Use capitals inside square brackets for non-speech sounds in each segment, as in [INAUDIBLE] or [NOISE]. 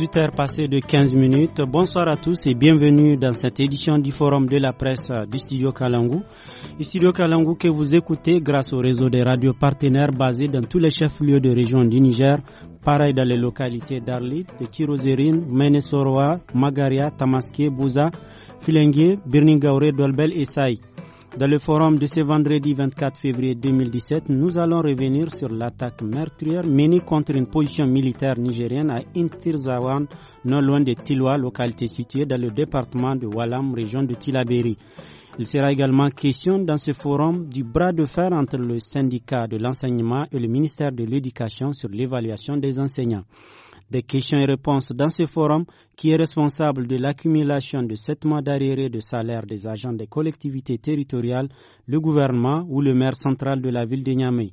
18h passé de 15 minutes. Bonsoir à tous et bienvenue dans cette édition du Forum de la presse du Studio Kalangou. Studio Kalangou que vous écoutez grâce au réseau des radios partenaires basés dans tous les chefs-lieux de région du Niger, pareil dans les localités d'Arlit, de Kirozerine, Menesoroa, Magaria, Tamaské, Bouza, Filengue, Birningaure, Dolbel et Saïk. Dans le forum de ce vendredi 24 février 2017, nous allons revenir sur l'attaque meurtrière menée contre une position militaire nigérienne à Intirzawan, non loin de Tilwa, localité située dans le département de Walam, région de Tilaberi. Il sera également question dans ce forum du bras de fer entre le syndicat de l'enseignement et le ministère de l'Éducation sur l'évaluation des enseignants des questions et réponses dans ce forum qui est responsable de l'accumulation de sept mois d'arriérés de salaire des agents des collectivités territoriales, le gouvernement ou le maire central de la ville de Niamey.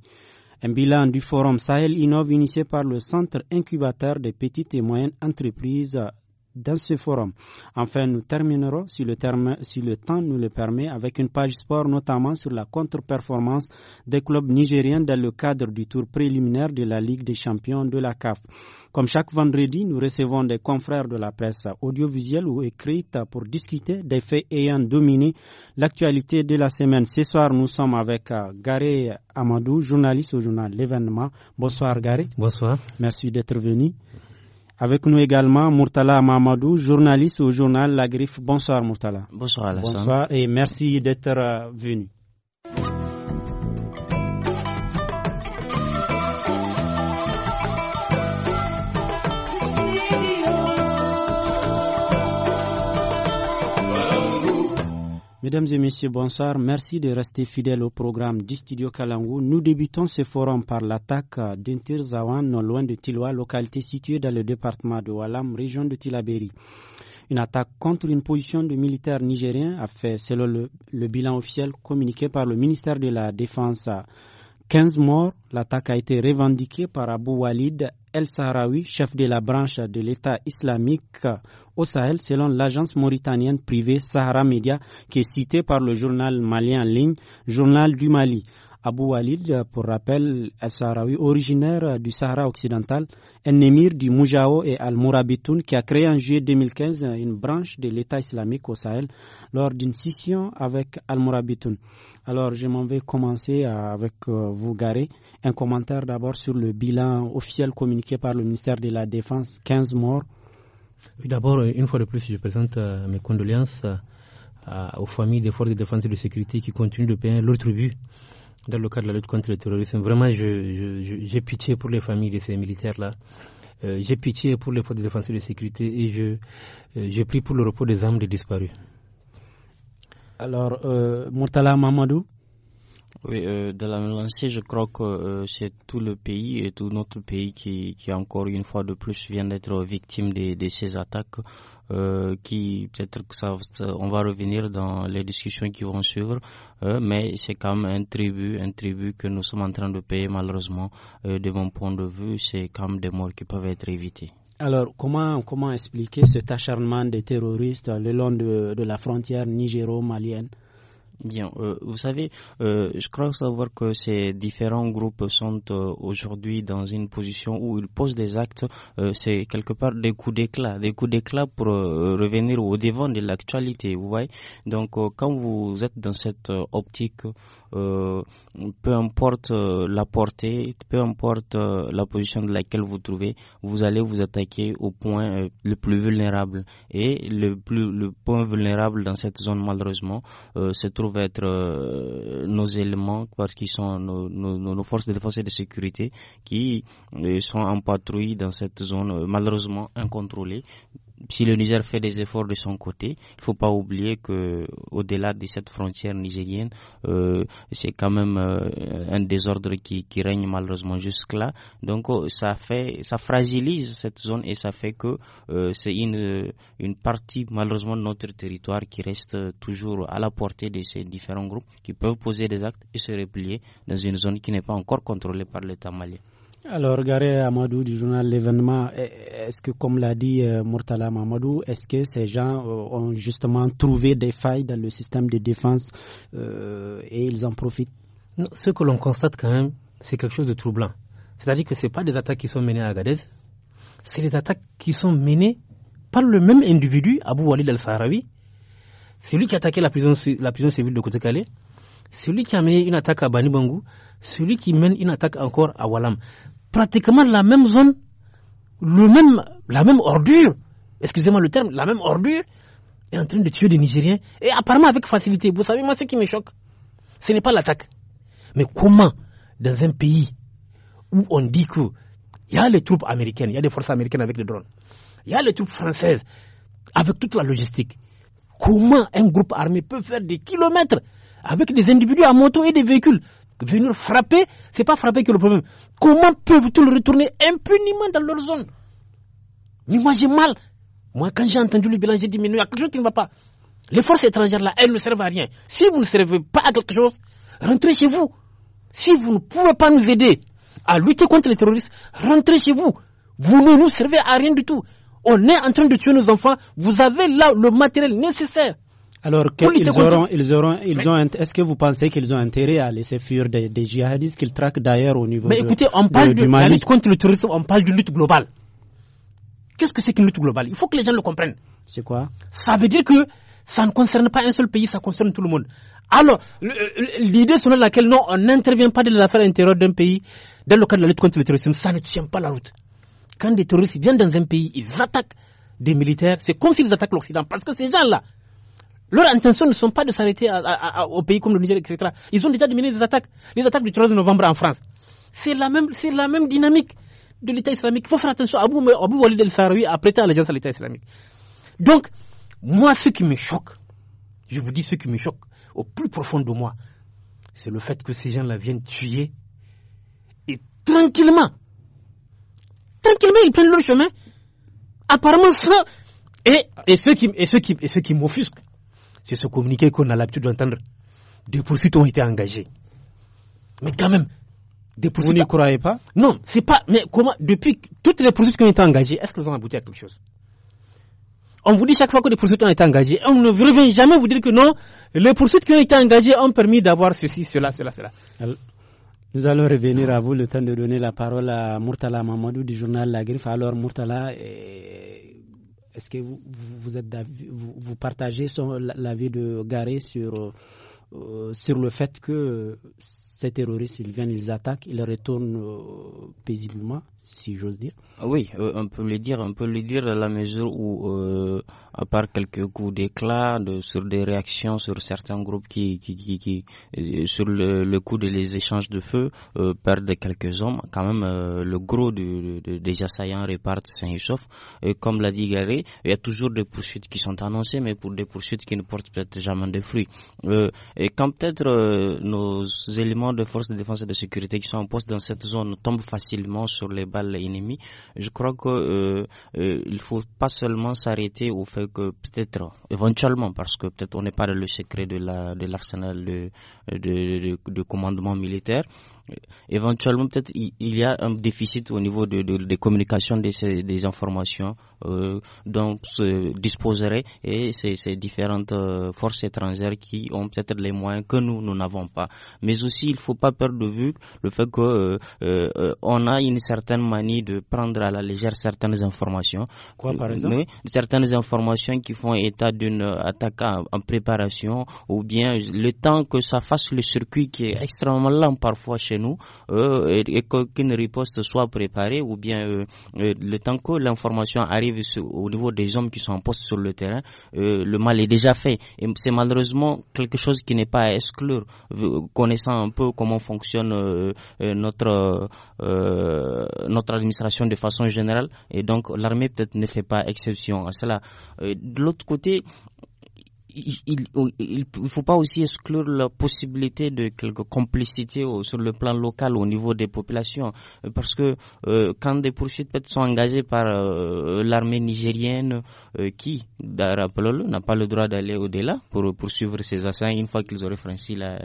Un bilan du forum Sahel Innov initié par le Centre incubateur des petites et moyennes entreprises dans ce forum. Enfin, nous terminerons, si le, temps nous le permet, avec une page sport, notamment sur la contre-performance des clubs nigériens dans le cadre du tour préliminaire de la Ligue des champions de la CAF. Comme chaque vendredi, nous recevons des confrères de la presse audiovisuelle ou écrite pour discuter des faits ayant dominé l'actualité de la semaine. Ce soir, nous sommes avec euh, Garé Amadou, journaliste au journal L'événement. Bonsoir Garé. Bonsoir. Merci d'être venu. Avec nous également Murtala Mamadou, journaliste au journal La Griffe. Bonsoir Murtala. Bonsoir Alassane. Bonsoir et merci d'être euh, venu. Mesdames et messieurs, bonsoir. Merci de rester fidèles au programme du studio Kalangou. Nous débutons ce forum par l'attaque d'Interzawan, non loin de Tiloa, localité située dans le département de Walam, région de Tilaberi. Une attaque contre une position de militaires nigériens a fait, selon le, le bilan officiel communiqué par le ministère de la Défense 15 morts, l'attaque a été revendiquée par Abu Walid El-Sahraoui, chef de la branche de l'État islamique au Sahel, selon l'agence mauritanienne privée Sahara Media, qui est citée par le journal malien en ligne Journal du Mali. Abu Walid, pour rappel, est sahraoui originaire du Sahara occidental, un émir du Moujao et Al-Mourabitoun qui a créé en juillet 2015 une branche de l'État islamique au Sahel lors d'une scission avec Al-Mourabitoun. Alors, je m'en vais commencer avec euh, vous, Garé. Un commentaire d'abord sur le bilan officiel communiqué par le ministère de la Défense 15 morts. D'abord, une fois de plus, je présente euh, mes condoléances euh, aux familles des forces de défense et de sécurité qui continuent de payer l'autre tribut dans le cadre de la lutte contre le terrorisme. Vraiment, j'ai pitié pour les familles de ces militaires-là. Euh, j'ai pitié pour les forces de défense et de sécurité et je, euh, prie pour le repos des âmes des disparus. Alors, euh, Murtala Mamadou, oui, euh, de la lancée, je crois que euh, c'est tout le pays et tout notre pays qui, encore une fois de plus vient d'être victime de, ces attaques. Euh, qui peut-être que ça, on va revenir dans les discussions qui vont suivre, mais c'est quand même un tribut, un tribut que nous sommes en train de payer malheureusement. de mon point de vue, c'est quand même des morts qui peuvent être évitées. Alors, comment, comment expliquer cet acharnement des terroristes le long de la frontière nigéro-malienne Bien, euh, vous savez, euh, je crois savoir que ces différents groupes sont euh, aujourd'hui dans une position où ils posent des actes, c'est quelque part des coups d'éclat, des coups d'éclat pour revenir au devant de l'actualité, vous voyez. Donc, quand vous êtes dans cette optique, peu importe la portée, peu importe la position de laquelle vous trouvez, vous allez vous attaquer au point le plus vulnérable. Et le, le point vulnérable dans cette zone, malheureusement, se trouvent être euh, nos éléments, parce qu'ils sont nos, nos, forces de défense et de sécurité qui euh, sont en patrouille dans cette zone euh, malheureusement incontrôlée si le Niger fait des efforts de son côté, il ne faut pas oublier que au-delà de cette frontière nigérienne, euh, c'est quand même euh, un désordre qui, règne malheureusement jusque-là. Donc oh, ça fragilise cette zone et ça fait que euh, c'est une une partie malheureusement de notre territoire qui reste toujours à la portée de ces différents groupes qui peuvent poser des actes et se replier dans une zone qui n'est pas encore contrôlée par l'État malien. Alors, regardez, Amadou du journal L'événement, est-ce que, comme l'a dit euh, Murtala Mamadou, est-ce que ces gens euh, ont justement trouvé des failles dans le système de défense euh, et ils en profitent Ce que l'on constate quand même, c'est quelque chose de troublant. C'est-à-dire que ce pas des attaques qui sont menées à Agadez, c'est des attaques qui sont menées par le même individu, Abou Walid al-Sahrawi. celui qui a attaqué la prison, civile de Côte-Calais celui qui a mené une attaque à Bani Bangou, celui qui mène une attaque encore à Walam pratiquement la même zone, le même, la même ordure, excusez-moi le terme, la même ordure, est en train de tuer des Nigériens, et apparemment avec facilité. Vous savez, moi, ce qui me choque, ce n'est pas l'attaque. Mais comment, dans un pays où on dit qu'il y a les troupes américaines, il y a des forces américaines avec des drones, il y a les troupes françaises avec toute la logistique, comment un groupe armé peut faire des kilomètres avec des individus à moto et des véhicules venir frapper, c'est pas frapper que le problème. Comment peuvent-ils retourner impunément dans leur zone Mais moi j'ai mal. Moi quand j'ai entendu le bilan, j'ai dit mais il y a quelque chose qui ne va pas. Les forces étrangères là, elles ne servent à rien. Si vous ne servez pas à quelque chose, rentrez chez vous. Si vous ne pouvez pas nous aider à lutter contre les terroristes, rentrez chez vous. Vous ne nous servez à rien du tout. On est en train de tuer nos enfants. Vous avez là le matériel nécessaire. Alors auront, ils auront, ils ont, est-ce que vous pensez qu'ils ont intérêt à laisser fuir des, djihadistes qu'ils traquent d'ailleurs au niveau Mais écoutez, on parle de, la lutte contre le terrorisme, on parle de lutte globale. Qu'est-ce que c'est qu'une lutte globale Il faut que les gens le comprennent. C'est quoi Ça veut dire que ça ne concerne pas un seul pays, ça concerne tout le monde. Alors, l'idée selon laquelle non, on n'intervient pas dans les affaires intérieures d'un pays dans le de la lutte contre le terrorisme, ça ne tient pas la route. Quand des terroristes viennent dans un pays, ils attaquent des militaires, c'est comme s'ils attaquent l'Occident, parce que ces gens-là, leurs intentions ne sont pas de s'arrêter au pays comme le Niger, etc. Ils ont déjà diminué les attaques, les attaques du 13 novembre en France. C'est la même, la même dynamique de l'État islamique. Il faut faire attention. Abu, Abu Walid el-Sahraoui a prêté l'agence à l'État islamique. Donc, moi, ce qui me choque, je vous dis ce qui me choque au plus profond de moi, c'est le fait que ces gens-là viennent tuer et tranquillement, tranquillement, ils prennent leur chemin. Apparemment, ça, et, et ceux qui, et qui, et ceux qui m'offusquent, c'est ce communiqué qu'on a l'habitude d'entendre. Des poursuites ont été engagées. Mais quand même, des poursuites. Vous n'y croyez pas Non, c'est pas. Mais comment, depuis toutes les poursuites qui ont été engagées, est-ce qu'elles ont abouti à quelque chose on vous dit chaque fois que des poursuites ont été engagées, on ne revient jamais vous dire que non, les poursuites qui ont été engagées ont permis d'avoir ceci, cela, cela, cela. nous allons revenir à vous le temps de donner la parole à Murtala Mamadou du journal La Griffe. Alors, Murtala, eh, est-ce que vous, vous, êtes vous, partagez l'avis de Garé sur euh, le fait que ces terroristes, ils viennent, ils attaquent, ils retournent euh, paisiblement, si j'ose dire ah Oui, euh, on peut le dire, on peut le dire à la mesure où, euh, à part quelques coups d'éclat de, sur des réactions sur certains groupes qui, qui, sur le, coup des échanges de feu, perdent quelques hommes, quand même le gros des assaillants repartent sains et comme l'a dit Gary, il y a toujours des poursuites qui sont annoncées, mais pour des poursuites qui ne portent peut-être jamais de fruits. et quand peut-être nos éléments de forces de défense et de sécurité qui sont en poste dans cette zone tombent facilement sur les balles ennemies. Je crois que euh, euh faut pas seulement s'arrêter au fait que peut-être éventuellement parce que peut-être on n'est pas dans le secret de l'arsenal de commandement militaire, Éventuellement, peut-être il y a un déficit au niveau de, de, communication des informations euh, dont se disposeraient et ces, différentes euh, forces étrangères qui ont peut-être les moyens que nous nous n'avons pas. Mais aussi, il ne faut pas perdre de vue le fait que euh, on a une certaine manie de prendre à la légère certaines informations. Quoi, par exemple Certaines informations qui font état d'une attaque en, en préparation ou bien le temps que ça fasse le circuit qui est extrêmement lent parfois chez nous euh, et, qu'une qu'aucune riposte soit préparée ou bien euh, euh, le temps que l'information arrive au niveau des hommes qui sont en poste sur le terrain, le mal est déjà fait. Et c'est malheureusement quelque chose qui n'est pas à exclure, connaissant un peu comment fonctionne notre, notre administration de façon générale. Et donc l'armée peut-être ne fait pas exception à cela. de l'autre côté, il ne faut pas aussi exclure la possibilité de quelque complicité sur le plan local au niveau des populations. Euh, parce que euh, quand des poursuites sont engagées par euh, l'armée nigérienne, qui, rappelons-le, n'a pas le droit d'aller au-delà pour poursuivre ces assassins une fois qu'ils auraient franchi la,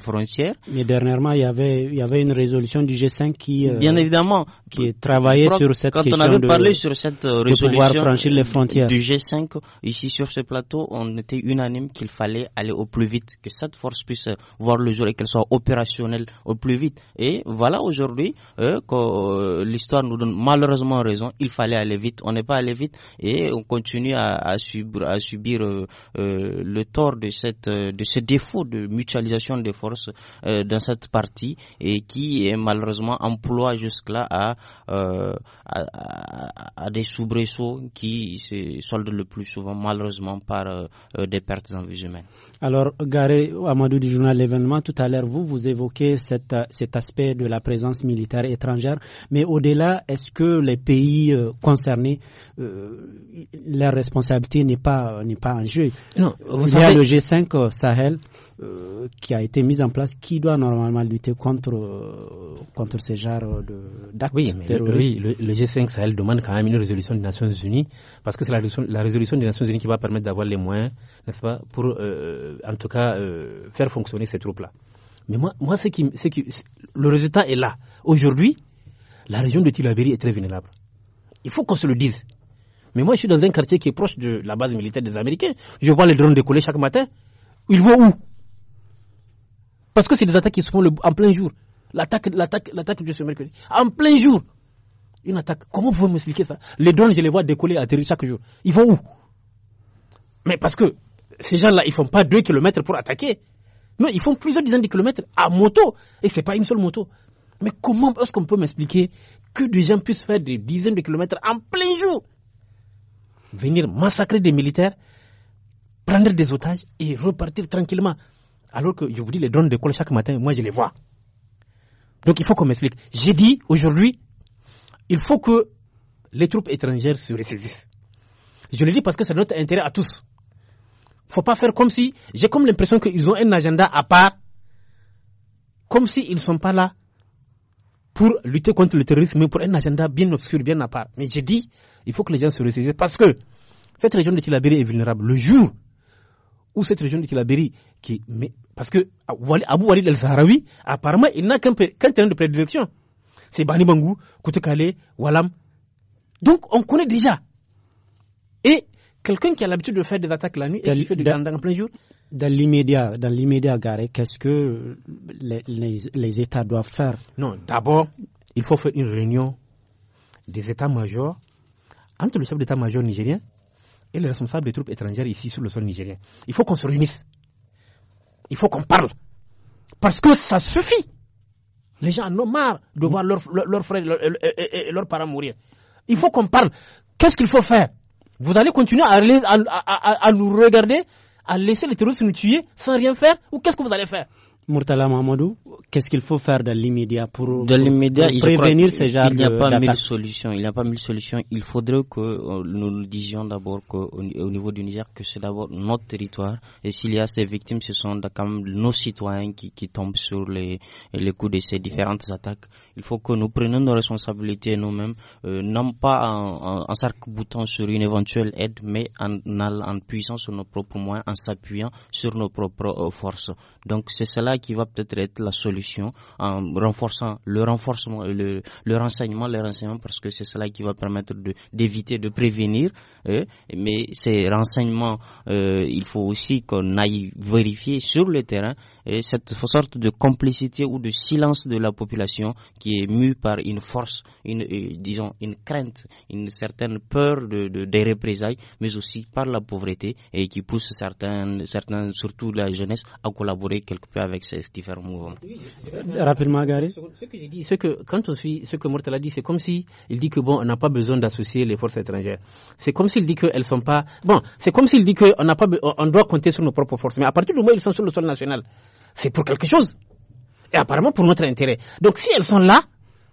frontière. Mais dernièrement, il y, avait, il y avait une résolution du G5 qui. Bien évidemment. Qui travaillait sur cette question. on parlé sur cette résolution. pouvoir franchir les frontières. Du G5, ici sur plateau, on était unanime qu'il fallait aller au plus vite, que cette force puisse voir le jour et qu'elle soit opérationnelle au plus vite. Et voilà aujourd'hui euh, que euh, l'histoire nous donne malheureusement raison. Il fallait aller vite. On n'est pas allé vite et on continue à, subir, euh, le tort de cette de ce défaut de mutualisation des forces dans cette partie et qui est malheureusement emploie jusque-là à, à, à, des soubresauts qui se soldent le plus souvent malheureusement par euh, euh, des pertes en Alors, Garé Amadou du journal L'événement, tout à l'heure, vous, vous évoquez euh, cet aspect de la présence militaire étrangère, mais au-delà, est-ce que les pays concernés, leur responsabilité n'est pas, pas en jeu non, vous Il y a le G5 Sahel euh, qui a été mise en place qui doit normalement lutter contre, euh, contre ce genre d'actes oui, terroristes. Le, le, G5 Sahel demande quand même une résolution des Nations Unies parce que c'est la, résolution des Nations Unies qui va permettre d'avoir les moyens, n'est-ce pas, pour euh, en tout cas faire fonctionner ces troupes-là. Mais moi, moi ce qui, qui, le résultat est là. Aujourd'hui, la région de Tilaberi est très vulnérable. Il faut qu'on se le dise. Mais moi, je suis dans un quartier qui est proche de la base militaire des Américains. Je vois les drones décoller chaque matin. Ils vont où parce que c'est des attaques qui se font en plein jour. L'attaque, l'attaque, l'attaque de mercredi. En plein jour. Une attaque. Comment vous m'expliquer ça Les drones, je les vois décoller, atterrir chaque jour. Ils vont où Mais parce que ces gens-là, ils font pas deux kilomètres pour attaquer. Non, ils font plusieurs dizaines de kilomètres à moto. Et ce n'est pas une seule moto. Mais comment est-ce qu'on peut m'expliquer que des gens puissent faire des dizaines de kilomètres en plein jour Venir massacrer des militaires, prendre des otages et repartir tranquillement alors que je vous dis les drones décollent chaque matin, moi je les vois. Donc il faut qu'on m'explique. J'ai dit aujourd'hui, il faut que les troupes étrangères se ressaisissent. Je le dis parce que c'est notre intérêt à tous. Il ne faut pas faire comme si, j'ai comme l'impression qu'ils ont un agenda à part, comme s'ils ne sont pas là pour lutter contre le terrorisme, mais pour un agenda bien obscur, bien à part. Mais j'ai dit, il faut que les gens se ressaisissent parce que cette région de Tilabéry est vulnérable. Le jour ou cette région de Tilaberi, qui, mais, parce que ah, Abu Walid al-Sahrawi, apparemment, il n'a qu'un terrain de prédilection. C'est Bani Bangou, Koutekale, Walam. Donc, on connaît déjà. Et quelqu'un qui a l'habitude de faire des attaques la nuit et qui fait du gandang en plein jour. Dans l'immédiat, dans l'immédiat, Garé, qu'est-ce que les, les, États doivent faire Non, d'abord, il faut faire une réunion des États-majors entre le chef d'État-major nigérien et les responsables des troupes étrangères ici sur le sol nigérien. Il faut qu'on se réunisse. Il faut qu'on parle. Parce que ça suffit. Les gens en ont marre de voir leurs frères et euh, euh, euh, leurs parents mourir. Il faut qu'on parle. Qu'est-ce qu'il faut faire Vous allez continuer à, à, à, nous regarder, à laisser les terroristes nous tuer sans rien faire Ou qu'est-ce que vous allez faire Murtala Mamadou, qu'est-ce qu'il faut faire de l'immédiat pour, prévenir ces genres Il n'y a pas mille solutions. Il n'y a pas mille solutions. Il faudrait que euh, nous disions d'abord au niveau du Niger, que c'est d'abord notre territoire. Et s'il y a ces victimes, ce sont quand même nos citoyens qui, tombent sur les, les coups de ces différentes attaques. Il faut que nous prenions nos responsabilités nous-mêmes, euh, non pas en, s'arc-boutant sur une éventuelle aide, mais en, en, puissant sur nos propres moyens, en s'appuyant sur nos propres euh, forces. Donc c'est cela qui va peut-être être la solution en renforçant le renforcement, le, le renseignement, les renseignements, parce que c'est cela qui va permettre d'éviter, de, prévenir. Hein. mais ces renseignements, euh, il faut aussi qu'on aille vérifier sur le terrain et cette sorte de complicité ou de silence de la population qui est mue par une force, une, euh, disons, une crainte, une certaine peur de, des représailles, mais aussi par la pauvreté et qui pousse certains, certains surtout la jeunesse, à collaborer quelque peu avec ces différents mouvements. Rapidement, Gary. Ce que quand on ce que Mortel a dit, c'est comme s'il dit que bon, on n'a pas besoin d'associer les forces étrangères. C'est comme s'il dit qu'elles sont pas. Bon, c'est comme s'il dit qu'on n'a pas, on doit compter sur nos propres forces. Mais à partir du moment où ils sont sur le sol national, c'est pour quelque chose. Et apparemment pour notre intérêt. Donc si elles sont là,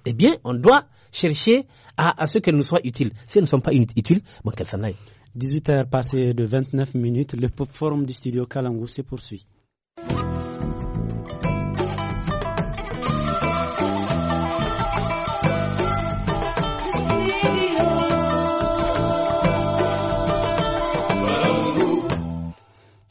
eh bien, on doit chercher à, à ce qu'elles nous soient utiles. Si elles ne sont pas utiles, bon, qu'elles s'en aillent. 18h passées de 29 minutes, le forum du studio Kalangou se poursuit.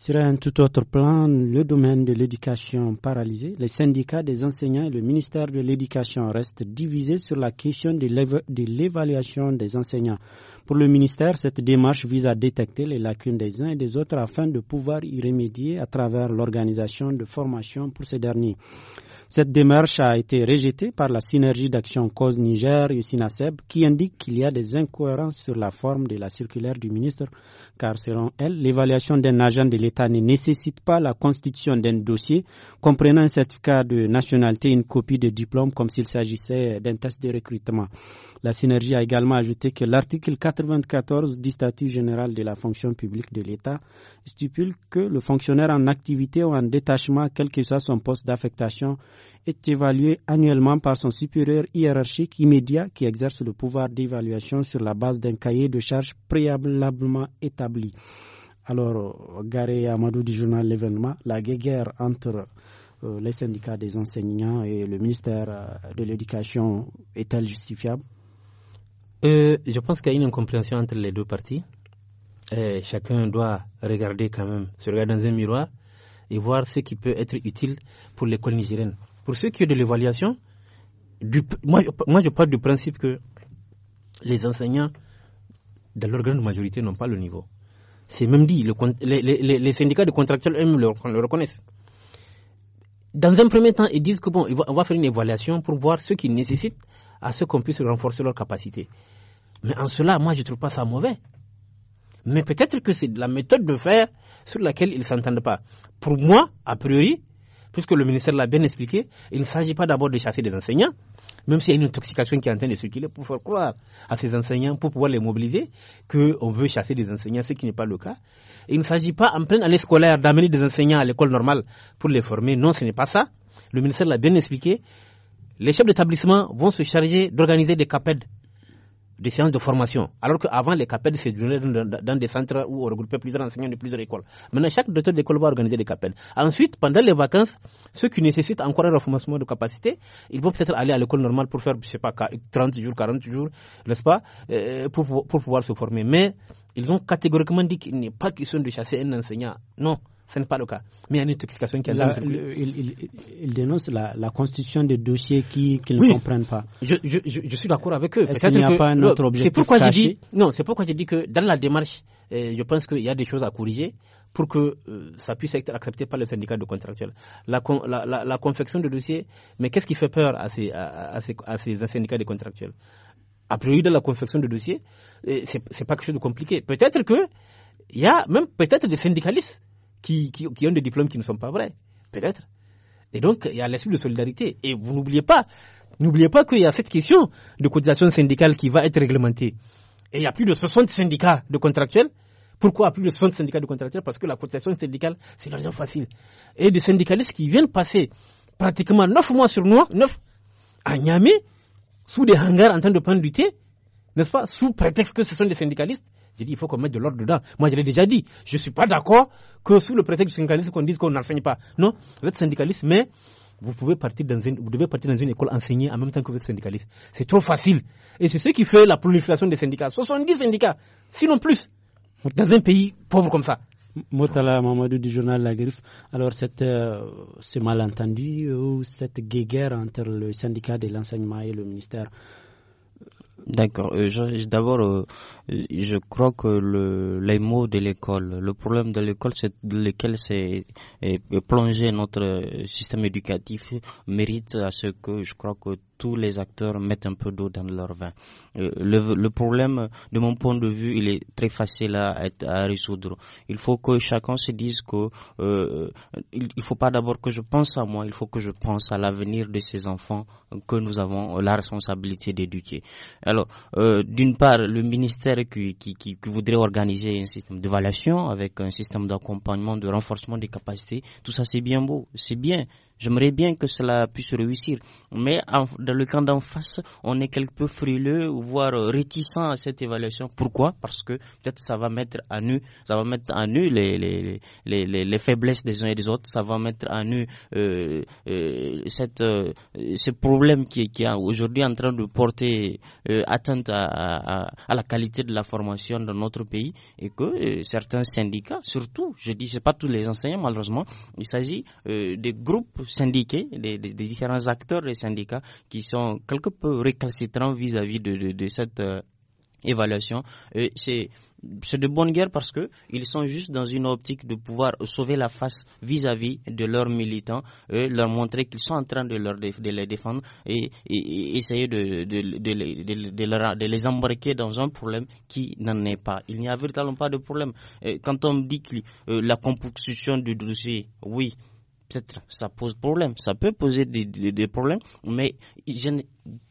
Sur un tout autre plan, le domaine de l'éducation paralysé, les syndicats des enseignants et le ministère de l'Éducation restent divisés sur la question de l'évaluation des enseignants. Pour le ministère, cette démarche vise à détecter les lacunes des uns et des autres afin de pouvoir y remédier à travers l'organisation de formation pour ces derniers. Cette démarche a été rejetée par la synergie d'action Cause Niger et SINASEB qui indique qu'il y a des incohérences sur la forme de la circulaire du ministre car selon elle, l'évaluation d'un agent de l'État ne nécessite pas la constitution d'un dossier comprenant un certificat de nationalité et une copie de diplôme comme s'il s'agissait d'un test de recrutement. La synergie a également ajouté que l'article 94 du statut général de la fonction publique de l'État stipule que le fonctionnaire en activité ou en détachement, quel que soit son poste d'affectation, est évalué annuellement par son supérieur hiérarchique immédiat qui exerce le pouvoir d'évaluation sur la base d'un cahier de charges préalablement établi. Alors, Garé Amadou du journal L'événement, la guerre entre euh, les syndicats des enseignants et le ministère euh, de l'Éducation est-elle justifiable euh, Je pense qu'il y a une incompréhension entre les deux parties. chacun doit regarder quand même, se regarder dans un miroir et voir ce qui peut être utile pour l'école nigérienne. Pour ce qui est de l'évaluation, moi, moi je parle du principe que les enseignants, dans leur grande majorité, n'ont pas le niveau. C'est même dit, les, syndicats de contractuels eux-mêmes le, reconnaissent. Dans un premier temps, ils disent que bon, on va faire une évaluation pour voir ce qui nécessitent à ce qu'on puisse renforcer leur capacité. Mais en cela, moi, je ne trouve pas ça mauvais. Mais peut-être que c'est la méthode de faire sur laquelle ils ne s'entendent pas. Pour moi, a priori, puisque le ministère l'a bien expliqué, il ne s'agit pas d'abord de chasser des enseignants, même s'il y a une intoxication qui est en train de circuler pour faire croire à ces enseignants, pour pouvoir les mobiliser, qu'on veut chasser des enseignants, ce qui n'est pas le cas. Il ne s'agit pas en pleine année scolaire d'amener des enseignants à l'école normale pour les former. Non, ce n'est pas ça. Le ministère l'a bien expliqué. Les chefs d'établissement vont se charger d'organiser des CAPED des séances de formation. Alors qu'avant, les capelles se donnaient dans, des centres où on regroupait plusieurs enseignants de plusieurs écoles. Maintenant, chaque docteur d'école va organiser des capelles. Ensuite, pendant les vacances, ceux qui nécessitent encore un renforcement de capacité, ils vont peut-être aller à l'école normale pour faire, je ne sais pas, 30 jours, 40 jours, n'est-ce pas, euh, pour, pour pouvoir se former. Mais ils ont catégoriquement dit qu'il n'est pas question de chasser un enseignant. Non. Ce n'est pas le cas. Mais il y a une intoxication qui a il, dénonce la, constitution des dossiers qu'ils qui ne comprennent pas. Je, je, suis d'accord avec eux. Est-ce qu'il n'y a pas un autre objectif pourquoi Je dis, Non, c'est pourquoi je dis que dans la démarche, eh, je pense qu'il y a des choses à corriger pour que euh, ça puisse être accepté par le syndicat de contractuels. La, confection de dossiers, mais qu'est-ce qui fait peur à ces, à, ces, syndicats de contractuels A priori, dans la confection de dossiers, eh, c'est, n'est pas quelque chose de compliqué. Peut-être que il y a même peut-être des syndicalistes qui, ont des diplômes qui ne sont pas vrais, peut-être. Et donc, il y a l'esprit de solidarité. Et vous n'oubliez pas, n'oubliez pas qu'il y a cette question de cotisation syndicale qui va être réglementée. Et il y a plus de 60 syndicats de contractuels. Pourquoi plus de 60 syndicats de contractuels Parce que la cotisation syndicale, c'est l'argent facile. Et des syndicalistes qui viennent passer pratiquement 9 mois sur moi, 9, à Niamey, sous des hangars en train de prendre du thé, n'est-ce pas, sous prétexte que ce sont des syndicalistes, j'ai dit, il faut qu'on mette de l'ordre dedans. Moi, je l'ai déjà dit. Je ne suis pas d'accord que sous le prétexte du syndicalisme, qu'on dise qu'on n'enseigne pas. Non, vous êtes syndicaliste, mais vous pouvez vous devez partir dans une école enseignée en même temps que vous êtes syndicaliste. C'est trop facile. Et c'est ce qui fait la prolifération des syndicats. 70 syndicats, sinon plus, dans un pays pauvre comme ça. Motala Mamadou du journal La Griffe. Alors, cette, euh, ce malentendu ou cette guéguerre entre le syndicat de l'enseignement et le ministère D'accord. Euh, d'abord, euh, je crois que le, les mots de l'école, le problème de l'école, c'est lequel c'est plongé notre euh, système éducatif mérite à ce que je crois que tous les acteurs mettent un peu d'eau dans leur vin. Euh, le, problème, de mon point de vue, il est très facile à, résoudre. Il faut que chacun se dise qu'il euh, ne faut pas d'abord que je pense à moi, il faut que je pense à l'avenir de ces enfants que nous avons la responsabilité d'éduquer. Alors, euh, d'une part, le ministère qui, voudrait organiser un système d'évaluation avec un système d'accompagnement, de renforcement des capacités, tout ça c'est bien beau, c'est bien, J'aimerais bien que cela puisse réussir, mais dans le camp d'en face, on est quelque peu frileux, voire réticent à cette évaluation. Pourquoi Parce que peut-être ça va mettre à nu, ça va mettre à nu les, faiblesses des uns et des autres, ça va mettre à nu euh, euh, cette, euh, ce problème qui, qui est aujourd'hui en train de porter atteinte à, la qualité de la formation dans notre pays et que certains syndicats, surtout, je dis, c'est pas tous les enseignants malheureusement, il s'agit des groupes syndiqués, des, différents acteurs des syndicats qui sont quelque peu récalcitrants vis-à-vis de, cette euh, évaluation. c'est c'est de bonne guerre parce que ils sont juste dans une optique de pouvoir sauver la face vis-à-vis de leurs militants, leur montrer qu'ils sont en train de, les défendre et, essayer de, les embarquer dans un problème qui n'en est pas. Il n'y a véritablement pas de problème. Quand on dit que euh, la composition du dossier, oui, peut-être ça pose problème. Ça peut poser des, problèmes, mais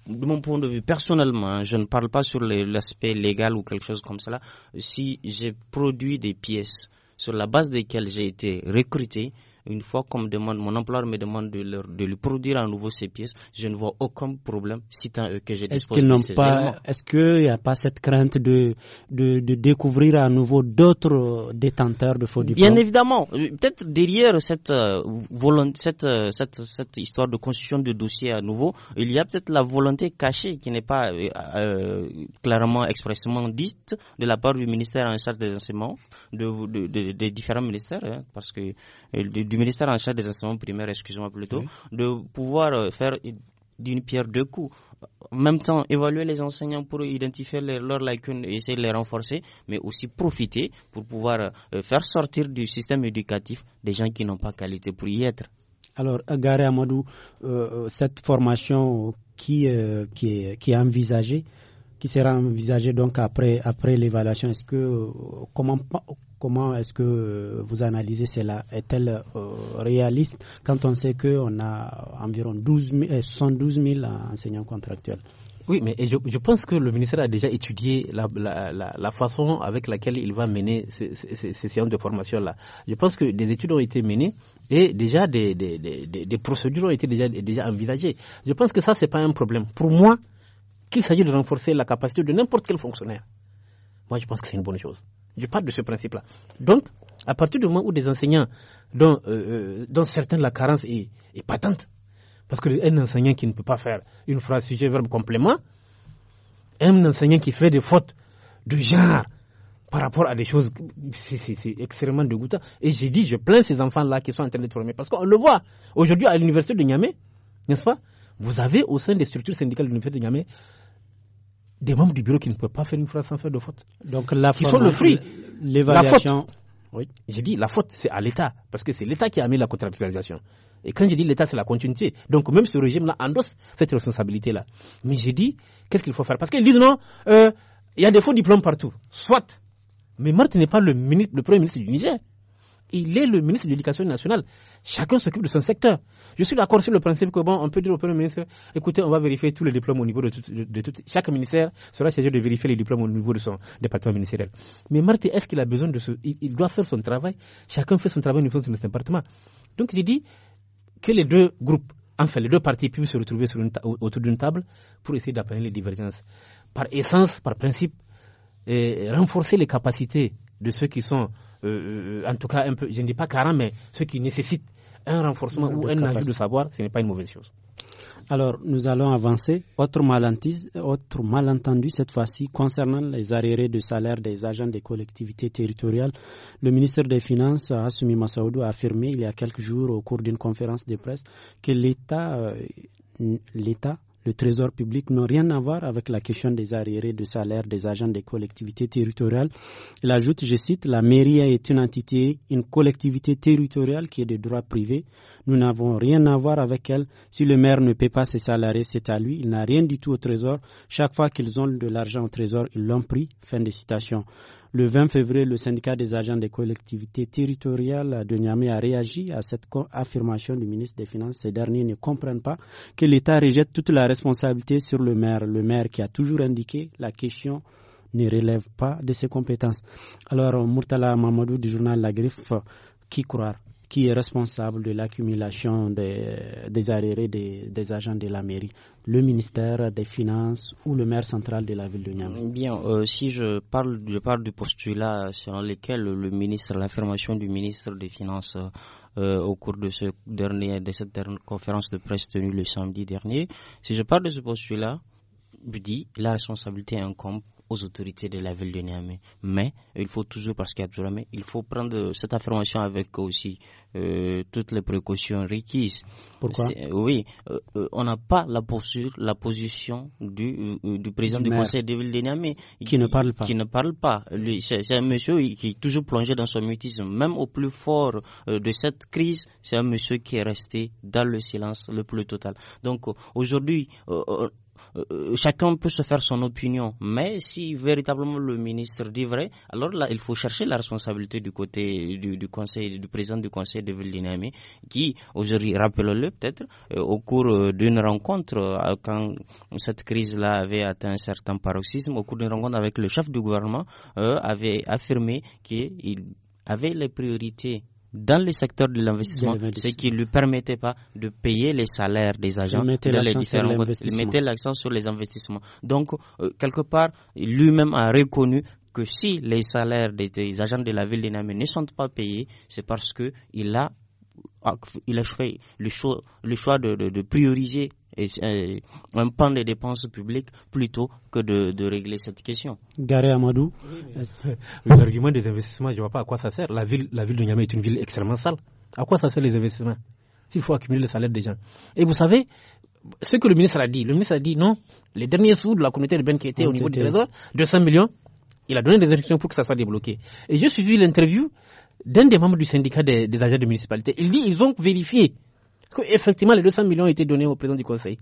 de mon point de vue personnellement, hein, je ne parle pas sur l'aspect légal ou quelque chose comme cela. Si j'ai produit des pièces sur la base desquelles j'ai été recruté, une fois qu'on me demande, mon employeur me demande de, lui produire à nouveau ces pièces, je ne vois aucun problème si tant que j'ai est -ce Est-ce qu'il n'y a pas cette crainte de, découvrir à nouveau d'autres euh, détenteurs de faux diplômes Bien évidemment. Euh, peut-être derrière euh, cette, histoire de construction de dossiers à nouveau, il y a peut-être la volonté cachée qui n'est pas clairement expressément dite de la part du ministère en charge des enseignements, de, des différents ministères, hein, parce que du ministère en charge des enseignements primaires, excusez-moi plutôt, de pouvoir euh, faire d'une pierre deux coups. En même temps, évaluer les enseignants pour identifier les, leurs lacunes et essayer de les renforcer, mais aussi profiter pour pouvoir euh, faire sortir du système éducatif des gens qui n'ont pas qualité pour y être. Alors, Agare Amadou, euh, cette formation qui, qui, est, envisagée, qui sera envisagée donc après, après l'évaluation, est-ce que comment Comment est-ce que euh, vous analysez cela Est-elle euh, réaliste quand on sait qu'on a environ 12 000, 112 000 enseignants contractuels oui, mais je, pense que le ministère a déjà étudié la, façon avec laquelle il va mener ces, séances de formation-là. Je pense que des études ont été menées et déjà des, procédures ont été déjà, déjà envisagées. Je pense que ça, ce n'est pas un problème. Pour moi, qu'il s'agit de renforcer la capacité de n'importe quel fonctionnaire, moi, je pense que c'est une bonne chose. Je parle de ce principe-là. Donc, à partir du moment où des enseignants dont, euh, euh certains la carence est, patente, parce qu'un enseignant qui ne peut pas faire une phrase sujet, verbe, complément, un enseignant qui fait des fautes de genre par rapport à des choses, c'est extrêmement dégoûtant. Et j'ai dit, je plains ces enfants-là qui sont en train de formés. Parce qu'on le voit aujourd'hui à l'université de Niamey, n'est-ce pas Vous avez au sein des structures syndicales de l'université de Niamey des membres du bureau qui ne peuvent pas faire une phrase sans faire de faute. Donc la qui sont le fruit. La faute. Oui. J'ai dit la faute, c'est à l'État, parce que c'est l'État qui a mis la contractualisation. Et quand je dis l'État, c'est la continuité. Donc même ce régime-là endosse cette responsabilité-là. Mais j'ai dit, qu'est-ce qu'il faut faire Parce qu'ils disent non, euh, il y a des faux diplômes partout. Soit. Mais Marthe n'est pas le premier ministre du Niger il est le ministre de l'Éducation nationale. Chacun s'occupe de son secteur. Je suis d'accord sur le principe que, bon, on peut dire au Premier ministre, écoutez, on va vérifier tous les diplômes au niveau de tout, de, Chaque ministère sera chargé de vérifier les diplômes au niveau de son département ministériel. Mais Marty, est-ce qu'il a besoin de ce. Il, doit faire son travail. Chacun fait son travail au niveau de son département. Donc, j'ai dit que les deux groupes, enfin, les deux parties puissent se retrouver autour d'une table pour essayer d'apprendre les divergences. Par essence, par principe, renforcer les capacités de ceux qui sont euh, en tout cas, un peu, je ne dis pas carrément, mais ce qui nécessite un renforcement ou un avis de savoir, ce n'est pas une mauvaise chose. Alors, nous allons avancer. Autre, malentendu cette fois-ci concernant les arriérés de salaire des agents des collectivités territoriales. Le ministre des Finances, Assumi Massaoudou, a affirmé il y a quelques jours au cours d'une conférence de presse que l'État, euh, l'État le trésor public n'a rien à voir avec la question des arriérés de salaire des agents des collectivités territoriales. Il ajoute, je cite, la mairie est une entité, une collectivité territoriale qui est de droit privé. Nous n'avons rien à voir avec elle. Si le maire ne paie pas ses salariés, c'est à lui. Il n'a rien du tout au trésor. Chaque fois qu'ils ont de l'argent au trésor, ils l'ont pris. Fin de citation. Le 20 février, le syndicat des agents des collectivités territoriales de Niamey a réagi à cette affirmation du ministre des Finances. Ces derniers ne comprennent pas que l'État rejette toute la responsabilité sur le maire. Le maire qui a toujours indiqué la question ne relève pas de ses compétences. Alors, Murtala Mamadou du journal La Griffe, qui croire qui est responsable de l'accumulation des, arrêts des, agents de la mairie Le ministère des Finances ou le maire central de la ville de Niamey Bien, euh, si je parle, je parle du postulat selon lequel le ministre, l'affirmation du ministre des Finances euh, au cours de, ce dernier, de cette dernière conférence de presse tenue le samedi dernier, si je parle de ce postulat, je dis la responsabilité incombe aux autorités de la ville de Niamey. Mais il faut toujours, parce qu'il y a toujours, il faut prendre cette affirmation avec aussi euh, toutes les précautions requises. Pourquoi euh, Oui, euh, on n'a pas la, posture, la position du, du président du, conseil de ville de Niamey. Qui ne parle pas. Qui ne parle pas. C'est un monsieur qui est toujours plongé dans son mutisme. Même au plus fort de cette crise, c'est un monsieur qui est resté dans le silence le plus total. Donc aujourd'hui, euh, euh, chacun peut se faire son opinion, mais si véritablement le ministre dit vrai, alors là, il faut chercher la responsabilité du côté du, conseil, du président du conseil de Villeneuve, qui aujourd'hui, rappelons-le peut-être, euh, au cours d'une rencontre, quand cette crise-là avait atteint un certain paroxysme, au cours d'une rencontre avec le chef du gouvernement, avait affirmé qu'il avait les priorités dans le secteur de l'investissement, ce qui ne lui permettait pas de payer les salaires des agents dans les différents Il mettait l'accent sur les investissements. Donc, euh, quelque part, lui-même a reconnu que si les salaires des, agents de la ville d'Inamé ne sont pas payés, c'est parce qu'il a il fait le choix, de prioriser et, euh, un pan des dépenses publiques plutôt que de, régler cette question. Garé Amadou. Euh, L'argument des investissements, je ne vois pas à quoi ça sert. La ville, la ville de Niamey est une ville extrêmement sale. À quoi ça sert les investissements S'il faut accumuler le salaire des gens. Et vous savez, ce que le ministre a dit, le ministre a dit non, les derniers sous de la communauté urbaine qui était au niveau du trésor, 200 millions, il a donné des instructions pour que ça soit débloqué. Et j'ai suivi l'interview d'un des membres du syndicat des, des agents de municipalité. Il dit ils ont vérifié parce qu'effectivement, les 200 millions ont été donnés au président du Conseil.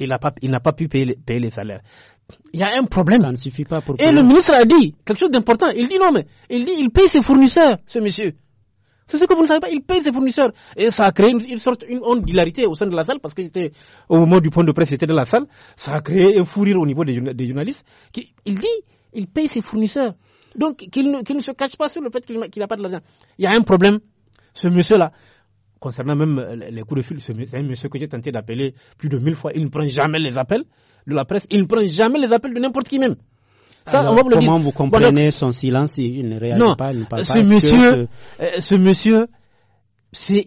Il n'a pas, pas, pu payer, les salaires. Il y a un problème. suffit pas pour. Et le ministre a dit quelque chose d'important. Il dit non, mais il dit il paye ses fournisseurs, ce monsieur. C'est ce que vous ne savez pas. Il paye ses fournisseurs. Et ça a créé une, sorte, au sein de la salle, parce que j'étais au moment du point de presse, il dans la salle. Ça a créé un fou rire au niveau des, journalistes. il dit il paye ses fournisseurs. Donc, qu'il ne, se cache pas sur le fait qu'il n'a pas de l'argent. Il y a un problème. Ce monsieur-là, concernant même euh, les coups de fil, c'est monsieur que j'ai tenté d'appeler plus de mille fois, il ne prend jamais les appels de la presse, il ne prend jamais les appels de n'importe qui même. comment vous comprenez son silence Il ne réagit non, pas, ce Monsieur, euh, ce... monsieur,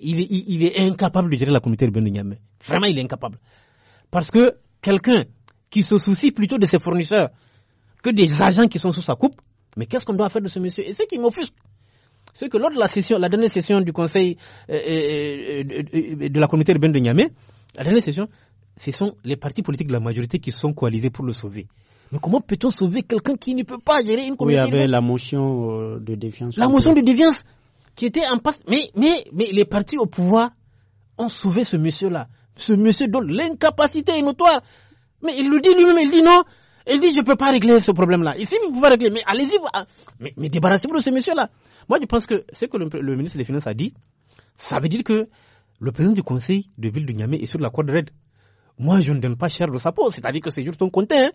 il, est, incapable de gérer la communauté urbaine de Niamey. Vraiment, il est incapable. Parce que quelqu'un qui se soucie plutôt de ses fournisseurs que des agents qui sont sous sa coupe, mais qu'est-ce qu'on doit faire de ce monsieur Et c'est qui m'offusque c'est que lors de la la dernière session du Conseil euh, euh, euh, de la communauté urbaine de Niamey, la dernière session, ce sont les partis politiques de la majorité qui sont coalisés pour le sauver. Mais comment peut-on sauver quelqu'un qui ne peut pas gérer une communauté Oui, avait la motion de défiance. La motion de défiance qui était en passe. Mais, mais, mais les partis au pouvoir ont sauvé ce monsieur-là. Ce monsieur dont l'incapacité est notoire. Mais il le dit lui-même, il dit non, il dit, je ne peux pas régler ce problème-là. Ici, vous pouvez régler, mais allez-y, ah, mais, débarrassez-vous de ce monsieur-là. Moi, je pense que ce que le, ministre des Finances a dit, ça veut dire que le président du conseil de ville de Niamey est sur la corde raide. Moi, je ne donne pas cher de sa peau, c'est-à-dire que c'est juste un comptés hein,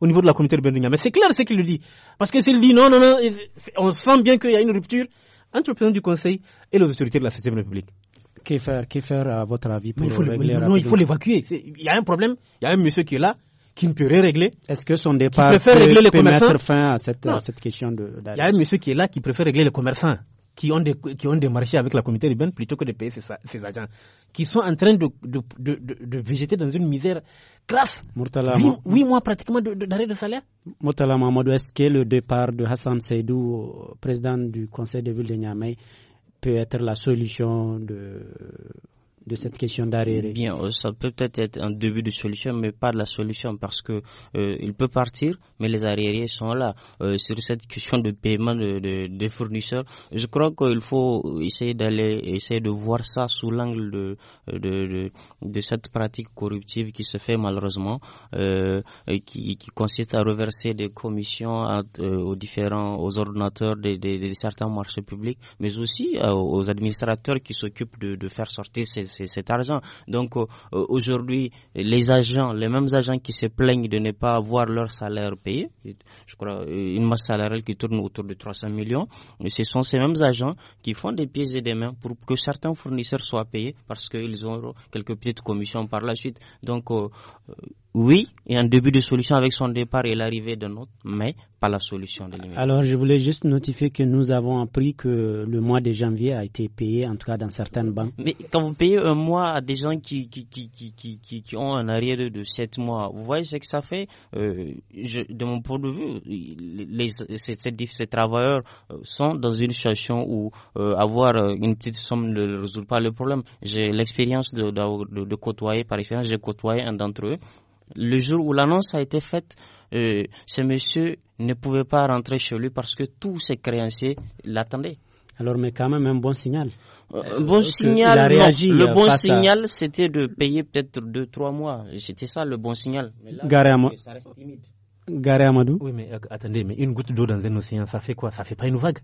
au niveau de la communauté urbaine de Niamey. C'est clair ce qu'il dit. Parce que s'il dit non, non, non, on sent bien qu'il y a une rupture entre le président du conseil et les autorités de la 7 République. Que faire, que faire à votre avis pour régler Non, il faut l'évacuer. Il y a un problème, il y a un monsieur qui est là, qui ne régler. Est-ce que son départ peut, mettre fin à cette, question de Il y a un monsieur qui est là qui préfère régler les commerçants qui ont des, qui ont des marchés avec la communauté urbaine plutôt que de payer ses, agents, qui sont en train de, de, végéter dans une misère crasse. 8 mois pratiquement d'arrêt de, salaire. est-ce que le départ de Hassan Seydou, président du conseil de ville de Niamey, peut être la solution de de cette question d'arriérés Bien, euh, ça peut peut-être être un début de solution, mais pas de la solution parce que euh, il peut partir, mais les arriérés sont là. Euh, sur cette question de paiement des de, fournisseurs, je crois qu'il faut essayer d'aller essayer de voir ça sous l'angle de, de, cette pratique corruptive qui se fait malheureusement, euh, qui, consiste à reverser des commissions aux différents aux ordinateurs de, certains marchés publics, mais aussi aux administrateurs qui s'occupent de, de faire sortir ces cet argent. Donc aujourd'hui, les agents, les mêmes agents qui se plaignent de ne pas avoir leur salaire payé, je crois euh, une masse salariale qui tourne autour de 300 millions, ce sont ces mêmes agents qui font des pieds et des mains pour que certains fournisseurs soient payés parce qu'ils ont quelques petites commissions par la suite. Donc euh, euh, oui, il y a un début de solution avec son départ et l'arrivée d'un autre, mais pas la solution de Alors, je voulais juste notifier que nous avons appris que le mois de janvier a été payé, en tout cas dans certaines banques. Mais quand vous payez un mois à des gens qui, qui, qui, qui, qui ont un arrière de 7 mois, vous voyez ce que ça fait euh, De mon point de vue, les, ces, travailleurs euh, sont dans une situation où euh, avoir une petite somme ne résout pas le problème. J'ai l'expérience de, de, côtoyer, par exemple, j'ai côtoyé un d'entre eux. Le jour où l'annonce a été faite, ce monsieur ne pouvait pas rentrer chez lui parce que tous ses créanciers l'attendaient. Alors, mais quand même, un bon signal. Euh, euh, bon signal, le euh, bon signal, c'était de payer peut-être deux, trois mois. C'était ça le bon signal. Mais Garé Amadou. Oui, mais attendez, mais une goutte d'eau dans un océan, ça fait quoi Ça fait pas une vague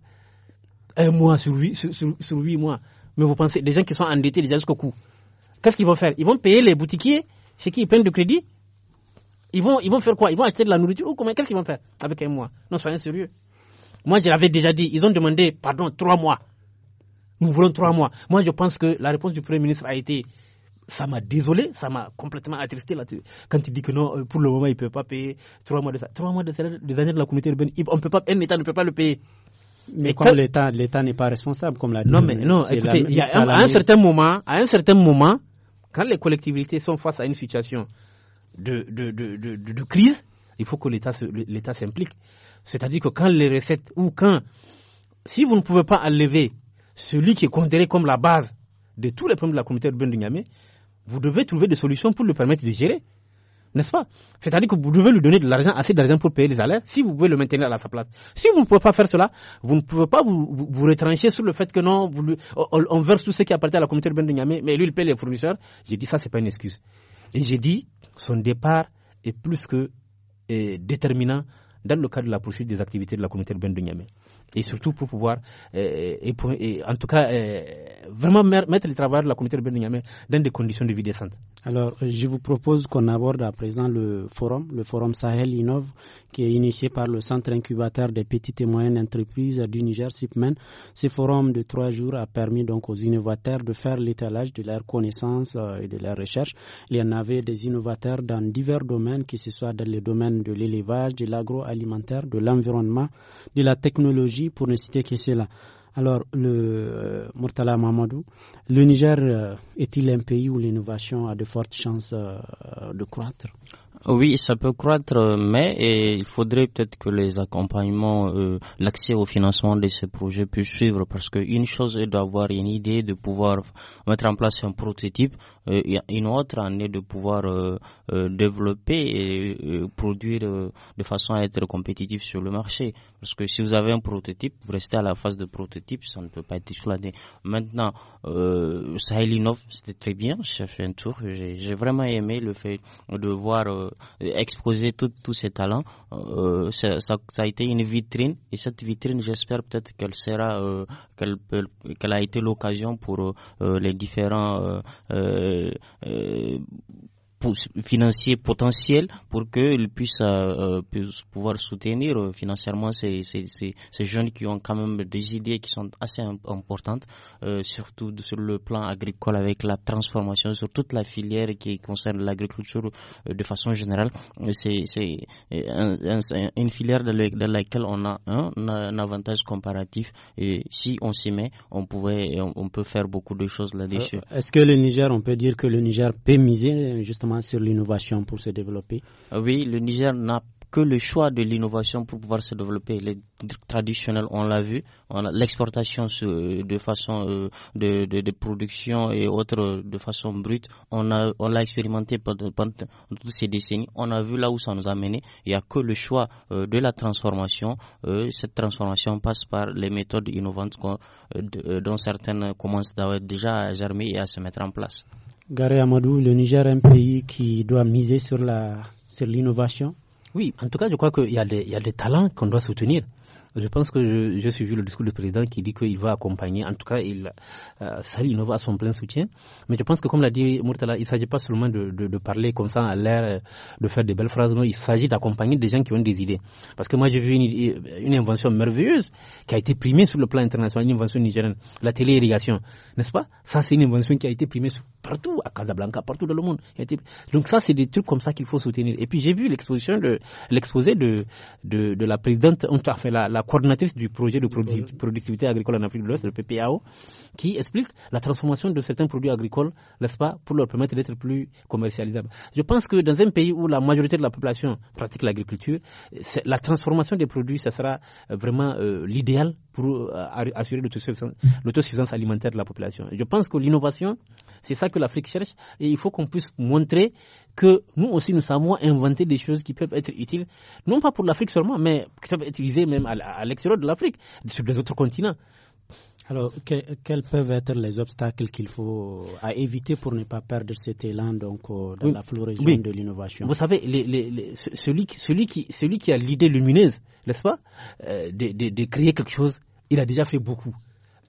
Un mois sur huit, sur, mois. Mais vous pensez, des gens qui sont endettés déjà jusqu'au cou, qu'est-ce qu'ils vont faire Ils vont payer les boutiquiers chez qui ils prennent du crédit ils vont, ils vont faire quoi Ils vont acheter de la nourriture ou comment Qu'est-ce qu'ils vont faire avec un mois Non, soyez sérieux. Moi, je l'avais déjà dit, ils ont demandé, pardon, trois mois. Nous voulons trois mois. Moi, je pense que la réponse du Premier ministre a été ça m'a désolé, ça m'a complètement attristé là, quand il dit que non, euh, pour le moment, il ne peut pas payer trois mois de ça, Trois mois de ça. des années de la communauté urbaine, on peut pas, un État ne peut pas le payer. Mais quand l'État, l'État n'est pas responsable, comme l'a dit. Non, mais non, écoutez, à un certain moment, à un certain moment, quand les collectivités sont face à une situation de, de, de, de, crise, il faut que l'État, l'État s'implique. C'est-à-dire que quand les recettes ou quand, si vous ne pouvez pas enlever celui qui est considéré comme la base de tous les problèmes de la communauté urbaine de Niamey, vous devez trouver des solutions pour le permettre de gérer. N'est-ce pas C'est-à-dire que vous devez lui donner de l'argent, assez d'argent pour payer les salaires, si vous pouvez le maintenir à sa place. Si vous ne pouvez pas faire cela, vous ne pouvez pas vous, retrancher sur le fait que non, on, verse tout ce qui appartient à la communauté urbaine de Niamey, mais lui, il paye les fournisseurs. J'ai dit ça, c'est pas une excuse. Et j'ai dit, son départ est plus que déterminant dans le cadre de la poursuite des activités de la communauté urbaine de Niamey et surtout pour pouvoir, euh, et, et, en tout cas, euh, vraiment mettre le travail de la communauté de Niamey dans des conditions de vie décentes. Alors, je vous propose qu'on aborde à présent le forum, le forum Sahel Innove, qui est initié par le Centre incubateur des petites et moyennes entreprises du Niger, SIPMEN. Ce forum de trois jours a permis donc aux innovateurs de faire l'étalage de leurs connaissances euh, et de leurs recherches. Il y en avait des innovateurs dans divers domaines, que ce soit dans les domaines de l'élevage, de l'agroalimentaire, de l'environnement, de la technologie pour ne citer que cela. Alors, le euh, Murtala Mamadou, le Niger euh, est-il un pays où l'innovation a de fortes chances euh, de croître oui, ça peut croître, mais il faudrait peut-être que les accompagnements, euh, l'accès au financement de ces projets puissent suivre, parce qu'une chose est d'avoir une idée, de pouvoir mettre en place un prototype, euh, une autre en est de pouvoir euh, développer et produire de façon à être compétitif sur le marché. Parce que si vous avez un prototype, vous restez à la phase de prototype, ça ne peut pas être exploité. Maintenant, Sahel Innov, c'était très bien, j'ai fait un tour, j'ai vraiment aimé le fait de voir euh, exposer tous ses talents. Euh, ça, a été une vitrine et cette vitrine, j'espère peut-être qu'elle sera, euh, qu'elle a été l'occasion pour les différents financier potentiel pour qu'ils puissent, euh, pouvoir soutenir euh, financièrement ces, jeunes qui ont quand même des idées qui sont assez importantes, euh, surtout sur le plan agricole avec la transformation sur toute la filière qui concerne l'agriculture de façon générale. C'est une filière dans, laquelle on a un, avantage comparatif et si on s'y met, on, pouvait, on, on peut faire beaucoup de choses là-dessus. Est-ce que le Niger, on peut dire que le Niger peut miser justement sur l'innovation pour se développer euh, Oui, le Niger n'a que le choix de l'innovation pour pouvoir se développer. Les traditionnels, on l'a vu, l'exportation de façon euh, de, production et autres euh, de façon brute, on l'a expérimenté pendant, toutes ces décennies. On a vu là où ça nous a mené. Il n'y a que le choix de la transformation. Cette transformation passe par les méthodes innovantes dont certaines commencent déjà à germer et à se mettre en place. Garé Amadou, le Niger est un pays qui doit miser sur la sur l'innovation. Oui, en tout cas, je crois qu'il y, a des, il y a des talents qu'on doit soutenir. Je pense que j'ai suivi le discours du président qui dit qu'il va accompagner, en tout cas, il, euh, ça, à son plein soutien. Mais je pense que, comme l'a dit Murtala, il ne s'agit pas seulement de, de, de, parler comme ça à l'air, euh, de faire des belles phrases. Non, il s'agit d'accompagner des gens qui ont des idées. Parce que moi, j'ai vu une, une, invention merveilleuse qui a été primée sur le plan international, une invention nigérienne, la télé-irrigation n'est-ce pas Ça, c'est une invention qui a été primée partout, à Casablanca, partout dans le monde. Donc ça, c'est des trucs comme ça qu'il faut soutenir. Et puis j'ai vu l'exposition, l'exposé de, de, la présidente, enfin la, la coordinatrice du projet de productivité agricole en Afrique de l'Ouest, le PPAO, qui explique la transformation de certains produits agricoles, n'est-ce pas, pour leur permettre d'être plus commercialisables. Je pense que dans un pays où la majorité de la population pratique l'agriculture, la transformation des produits, ça sera vraiment euh, l'idéal pour euh, assurer l'autosuffisance alimentaire de la population. Je pense que l'innovation, c'est ça que l'Afrique cherche et il faut qu'on puisse montrer que nous aussi, nous savons inventer des choses qui peuvent être utiles, non pas pour l'Afrique seulement, mais qui peuvent être utilisées même à l'extérieur de l'Afrique, sur les autres continents. Alors, quels peuvent être les obstacles qu'il faut à éviter pour ne pas perdre cet élan dans euh, la floraison de l'innovation Vous savez, celui, qui, a l'idée lumineuse, n'est-ce pas, euh, de, créer quelque chose, il a déjà fait beaucoup.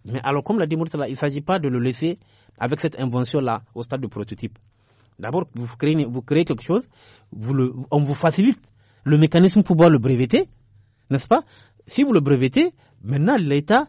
Mais alors, comme l'a dit Murtala, il ne s'agit pas de le laisser avec cette invention-là au stade de prototype. D'abord, vous créez, quelque chose, on vous facilite le mécanisme pour pouvoir le breveter, n'est-ce pas Si vous le brevetez, maintenant l'État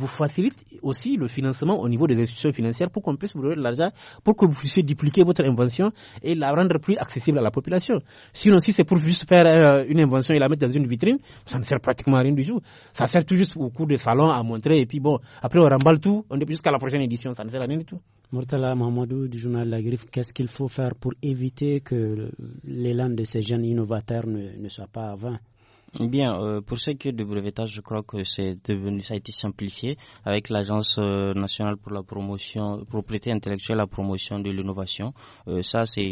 vous facilite aussi le financement au niveau des institutions financières pour qu'on puisse vous donner de l'argent, pour que vous puissiez dupliquer votre invention et la rendre plus accessible à la population. Sinon, si c'est pour juste faire euh, une invention et la mettre dans une vitrine, ça ne sert pratiquement à rien du tout. Ça sert tout juste au cours des salons à montrer et puis bon, après on remballe tout, on est jusqu'à la prochaine édition, ça ne sert à rien du tout. Mortala Mahamadou du journal La Griffe, qu'est-ce qu'il faut faire pour éviter que l'élan de ces jeunes innovateurs ne, soit pas à vain Bien, euh, pour ce qui est du brevetage, je crois que c'est devenu, ça a été simplifié avec l'Agence euh, nationale pour la promotion, propriété intellectuelle, la promotion de l'innovation. Euh, ça, c'est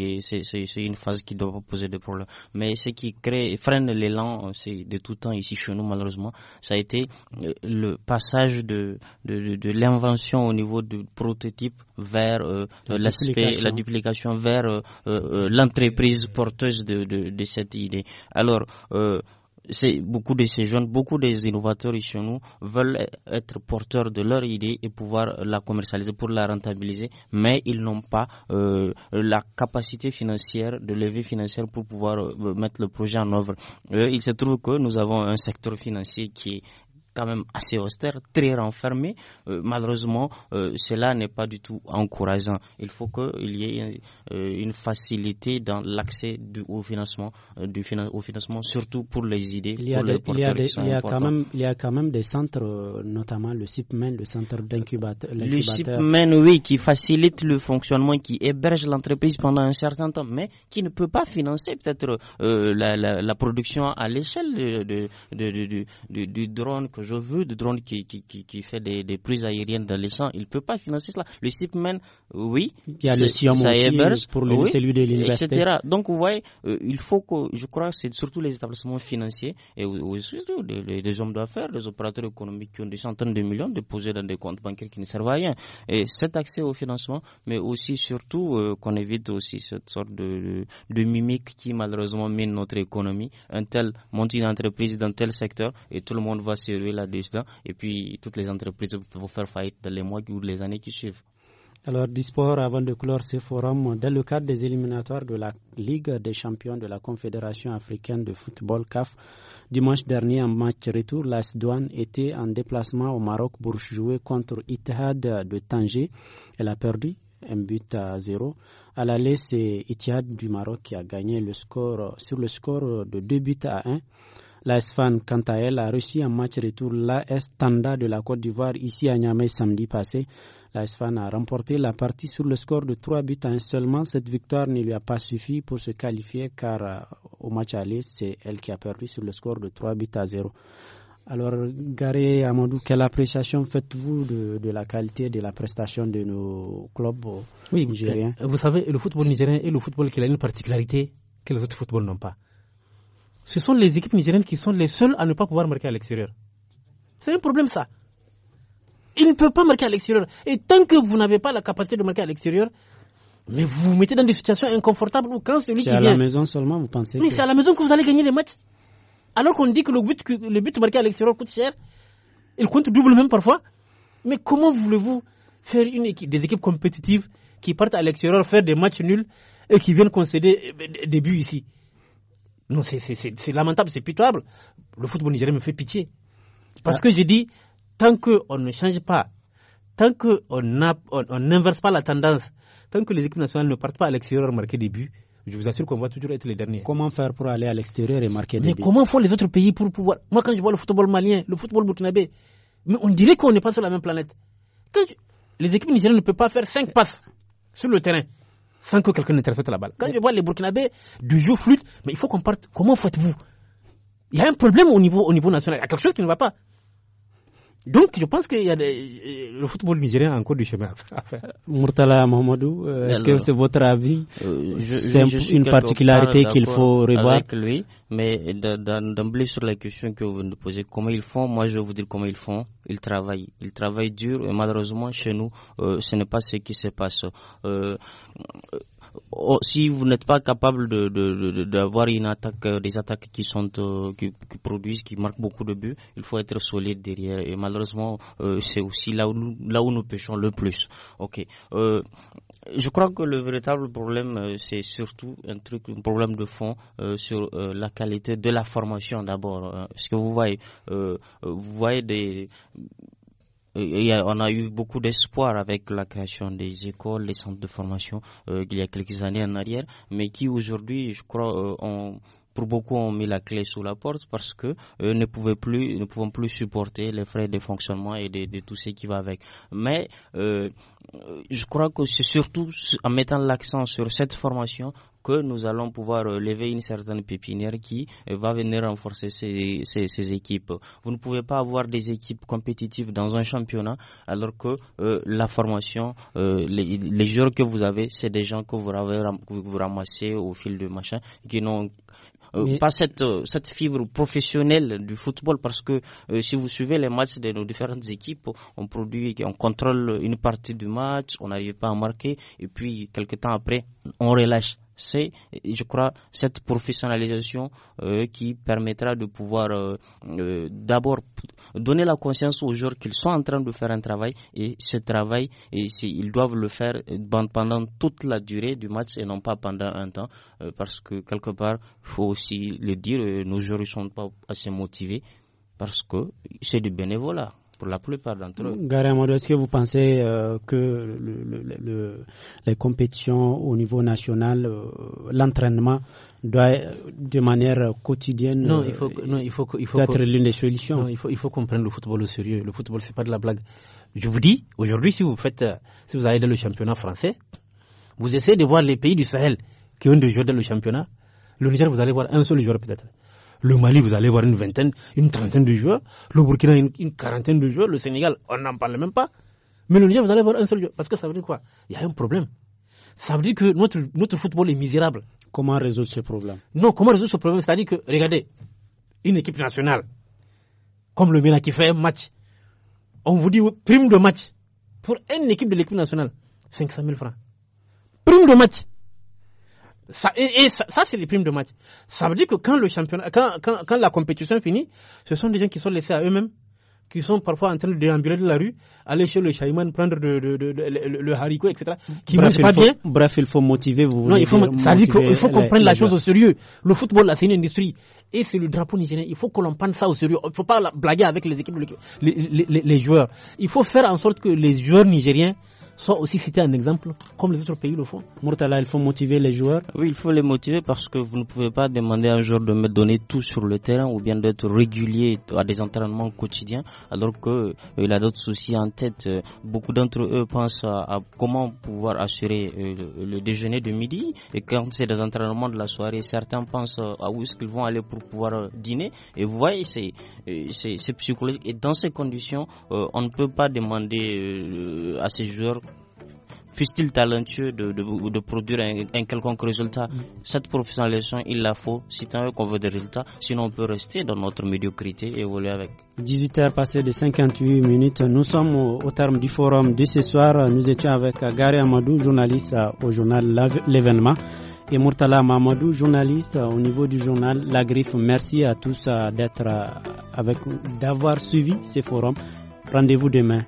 une phase qui doit poser des problèmes. Mais ce qui crée, freine l'élan, c'est de tout temps ici chez nous, malheureusement, ça a été le passage de, l'invention au niveau du prototype vers l'aspect, la duplication vers l'entreprise porteuse de, de, cette idée. Alors, beaucoup de ces jeunes, beaucoup des innovateurs chez nous veulent être porteurs de leur idée et pouvoir la commercialiser pour la rentabiliser, mais ils n'ont pas euh, la capacité financière, de lever financière pour pouvoir euh, mettre le projet en œuvre. il se trouve que nous avons un secteur financier qui est quand même assez austère, très renfermé. Euh, malheureusement, euh, cela n'est pas du tout encourageant. Il faut qu'il y ait euh, une facilité dans l'accès au financement, du financement, surtout pour les idées. Il y a, quand même, des centres, notamment le CIPMEN, le centre d'incubateur. Le CIPMEN, oui, qui facilite le fonctionnement, qui héberge l'entreprise pendant un certain temps, mais qui ne peut pas financer peut-être la, production à l'échelle du de, de, drone je veux, de drone qui, qui, fait des, prises aériennes dans les champs, il ne peut pas financer cela. Le CIPMEN, oui. Il y a le CIAM pour le, de l'université. Donc, vous voyez, euh, il faut que, je crois, c'est surtout les établissements financiers et aussi les, hommes d'affaires, les opérateurs économiques qui ont des centaines de millions déposés dans des comptes bancaires qui ne servent à rien. Et cet accès au financement, mais aussi, surtout, euh, qu'on évite aussi cette sorte de, mimique qui, malheureusement, mine notre économie. Un tel monte d'entreprise entreprise dans tel secteur et tout le monde va se et puis, toutes les entreprises vont faire faillite dans les mois ou les années qui suivent. Alors, Disport avant de clore ce forum, dans le cadre des éliminatoires de la Ligue des champions de la Confédération africaine de football CAF, dimanche dernier en match retour, la Douane était en déplacement au Maroc pour jouer contre Itihad de Tanger. Elle a perdu un but à zéro. À l'aller, c'est Itihad du Maroc qui a gagné le score, sur le score de deux buts à un. La Fan, quant à elle, a réussi un match retour la Tanda de la Côte d'Ivoire ici à Niamey samedi passé. La Fan a remporté la partie sur le score de 3 buts à 1 seulement. Cette victoire ne lui a pas suffi pour se qualifier car euh, au match aller, c'est elle qui a perdu sur le score de 3 buts à 0. Alors, Garé Amadou, quelle appréciation faites-vous de, la qualité de la prestation de nos clubs euh, oui, nigériens euh, Vous savez, le football nigérien est le football qui a une particularité que les autres footballs n'ont pas ce sont les équipes nigériennes qui sont les seules à ne pas pouvoir marquer à l'extérieur. C'est un problème ça. Ils ne peuvent pas marquer à l'extérieur. Et tant que vous n'avez pas la capacité de marquer à l'extérieur, mais vous vous mettez dans des situations inconfortables où quand celui qui vient... C'est à la maison seulement, vous pensez Mais c'est à la maison que vous allez gagner les matchs. Alors qu'on dit que le but, le but marqué à l'extérieur coûte cher. Il compte double même parfois. Mais comment voulez-vous faire une équipe, des équipes compétitives qui partent à l'extérieur faire des matchs nuls et qui viennent concéder eh ben, des buts ici non, c'est lamentable, c'est pitoyable. Le football nigérien me fait pitié. Parce ah. que je dis, tant qu'on ne change pas, tant qu'on n'inverse pas la tendance, tant que les équipes nationales ne partent pas à l'extérieur marquer des buts, je vous assure qu'on va toujours être les derniers. Comment faire pour aller à l'extérieur et marquer des buts Mais comment font les autres pays pour pouvoir. Moi, quand je vois le football malien, le football burkinabé, mais on dirait qu'on n'est pas sur la même planète. Les équipes nigériennes ne peuvent pas faire 5 eh. passes sur le terrain sans que quelqu'un intercepte la balle. Quand je vois les Burkinabés du jeu flûte, mais il faut qu'on parte. Comment faites-vous Il y a un problème au niveau, au niveau national. Il y a quelque chose qui ne va pas. Donc, je pense qu'il a le football nigérien a encore du chemin à [LAUGHS] faire. Murtala Mohamedou, euh, est-ce que c'est votre avis euh, C'est une particularité qu'il faut revoir avec lui, mais d'emblée sur la question que vous nous posez, comment ils font Moi, je vais vous dire comment ils font. Ils travaillent. Ils travaillent dur et malheureusement, chez nous, euh, ce n'est pas ce qui se passe. Oh, si vous n'êtes pas capable d'avoir de, une attaque, euh, des attaques qui sont euh, qui, produisent, qui marquent beaucoup de buts, il faut être solide derrière. Et malheureusement, euh, c'est aussi là où nous, pêchons le plus. Ok. je crois que le véritable problème, c'est surtout un truc, un problème de fond sur la qualité de la formation d'abord. Hein. ce que vous voyez, vous voyez des on a eu beaucoup d'espoir avec la création des écoles, les centres de formation euh, il y a quelques années en arrière, mais qui aujourd'hui, je crois, euh, pour beaucoup ont mis la clé sous la porte parce que euh, ne pouvaient plus, ne pouvons plus supporter les frais de fonctionnement et de tout ce qui va avec. Mais euh, je crois que c'est surtout en mettant l'accent sur cette formation que nous allons pouvoir euh, lever une certaine pépinière qui euh, va venir renforcer ces, équipes. Vous ne pouvez pas avoir des équipes compétitives dans un championnat alors que euh, la formation, les, joueurs que vous avez, c'est des gens que vous, ramassez au fil du machin, qui n'ont pas cette, fibre professionnelle du football parce que si vous suivez les matchs de nos différentes équipes, on produit, on contrôle une partie du match, on n'arrive pas à marquer et puis quelques temps après, on relâche. C'est, je crois, cette professionnalisation euh, qui permettra de pouvoir euh, euh, d'abord donner la conscience aux joueurs qu'ils sont en train de faire un travail et ce travail, et ils doivent le faire ben, pendant toute la durée du match et non pas pendant un temps parce que quelque part, il faut aussi le dire, nos joueurs ne sont pas assez motivés parce que c'est du bénévolat pour la plupart d'entre eux. Gary est-ce que vous pensez euh, que le, les compétitions au niveau national, euh, l'entraînement doit de manière quotidienne non, il faut, non, il faut, faut être l'une des solutions. il faut, il faut comprendre le football au sérieux. Le football, c'est pas de la blague. Je vous dis, aujourd'hui, si vous faites, euh, si vous allez dans le championnat français, vous essayez de voir les pays du Sahel qui ont des joueurs dans le championnat. Le Niger, vous allez voir un seul joueur peut-être. Le Mali, vous allez voir une vingtaine, une trentaine de joueurs. Le Burkina, une, quarantaine de joueurs. Le Sénégal, on n'en parle même pas. Mais le Niger, vous allez voir un seul joueur. Parce que ça veut dire quoi Il y a un problème. Ça veut dire que notre, football est misérable. Comment résoudre ce problème Non, comment résoudre ce problème C'est-à-dire que, regardez, une équipe nationale, comme le Mena qui fait un match, on vous dit prime de match. Pour une équipe de l'équipe nationale, 500 000 francs. Prime de match. Ça, et, ça, c'est les primes de match. Ça veut dire que quand le championnat, quand, quand, quand la compétition finit, ce sont des gens qui sont laissés à eux-mêmes, qui sont parfois en train de déambuler de la rue, aller chez le chaïman, prendre de, de, le, haricot, etc. Qui ne pas bien. Bref, il faut motiver, vous non, il faut, ça veut dire qu'il faut qu'on prenne la chose au sérieux. Le football, là, c'est une industrie. Et c'est le drapeau nigérien. Il faut que l'on prenne ça au sérieux. Il ne faut pas blaguer avec les équipes, les, les, les joueurs. Il faut faire en sorte que les joueurs nigériens sont aussi citer un exemple, comme les autres pays le font. Murtala, il faut motiver les joueurs. Oui, il faut les motiver parce que vous ne pouvez pas demander à un joueur de me donner tout sur le terrain ou bien d'être régulier à des entraînements quotidiens alors qu'il euh, a d'autres soucis en tête. Euh, beaucoup d'entre eux pensent à, comment pouvoir assurer euh, le, le déjeuner de midi et quand c'est des entraînements de la soirée, certains pensent à où est-ce qu'ils vont aller pour pouvoir dîner. Et vous voyez, c'est psychologique. Et dans ces conditions, on ne peut pas demander à ces joueurs fût-il talentueux, de, de, produire un, quelconque résultat. Mm. Cette professionnalisation, il la faut si tant qu'on veut des résultats. Sinon, on peut rester dans notre médiocrité et évoluer avec. 18h passées de 58 minutes. Nous sommes au, terme du forum de ce soir. Nous étions avec Gary Amadou, journaliste au journal L'événement. Et Murtala Mamadou, journaliste au niveau du journal La Griffe. Merci à tous euh, d'être euh, avec d'avoir suivi ce forum. Rendez-vous demain.